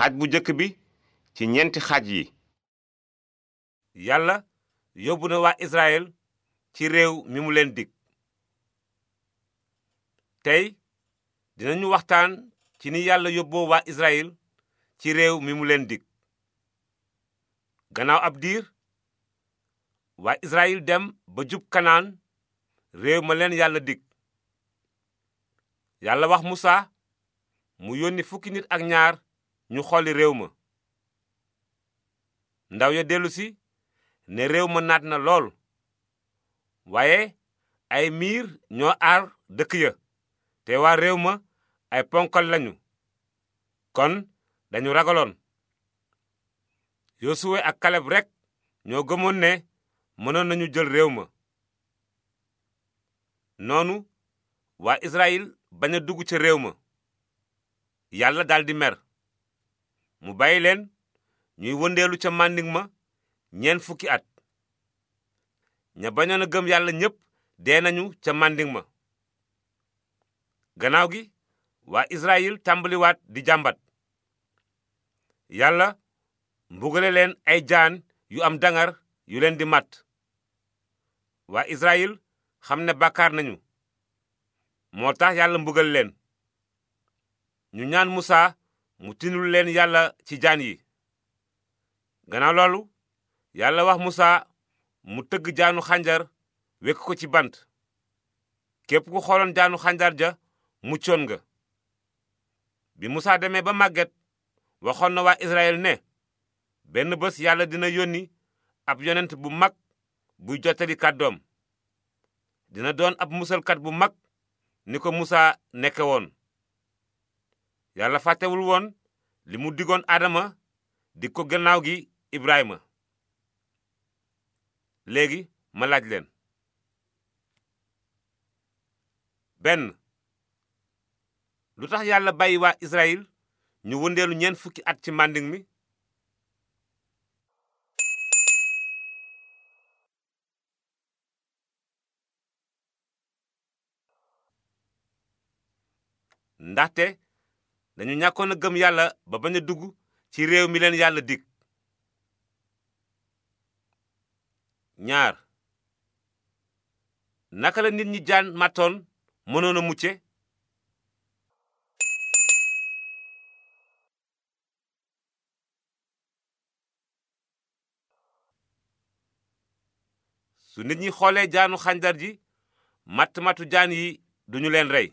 xaaj bu jëkk bi ci ñeenti xaaj yi yàlla yóbbu na waa Israël ci réew mi mu leen dig tey dinañu waxtaan ci ni yàlla yóbboo waa Israël ci réew mi mu leen dikk gannaaw ab diir waa Israël dem ba jub kanaan réew ma leen yàlla dig yàlla wax Musa mu yónni fukki nit ak ñaar ñu xolli réew ma ndaw ya dellusi ne réew ma naat na lool waaye ay miir ñoo aar dëkk ya te waa réew ma ay ponkal lañu kon dañu ragaloon yosuwe ak kaleb rekk ñoo gëmoon ne mënoon nañu jël réew ma noonu waa israyil bañ a dugg ca réew ma yàlla daldi mer mu bàyyi leen ñuy wëndeelu ca màndig ma ñeent fukki at ña bañoon a gëm yàlla ñépp dee nañu ca màndig ma gannaaw gi waa Israyil tàmbaliwaat di jàmbat yàlla mbugale leen ay jaan yu am dangar yu leen di màtt waa Israyil xam ne bàkkaar nañu moo tax yàlla mbugal leen ñu ñaan Musaa mu tinul leen yàlla ci jaan yi gannaaw loolu yàlla wax musa mu tëgg jaanu xànjar wekk ko ci bant képp ku xooloon jaanu xànjar ja mu muccoon nga bi musa demee ba màgget waxoon na waa israel ne benn bés yàlla dina yónni ab yonent bu mag buy jottali doom dina doon ab musalkat bu mag ni ko musa nekke woon yàlla fàttewul woon li mu digoon aadama di ko gannaaw gi ibrahima léegi ma laaj leen benn lu tax yàlla bàyyi waa israyil ñu wëndeelu ñeen fukki at ci màndiŋ mi ndaxte dañu ñàkkoon a gëm yàlla ba bañ a dugg ci réew mi leen yàlla dig ñaar naka la nit ñi jaan matoon mënoon a mucce su nit ñi xoolee jaanu xànjar ji matt matu jaan yi duñu leen rey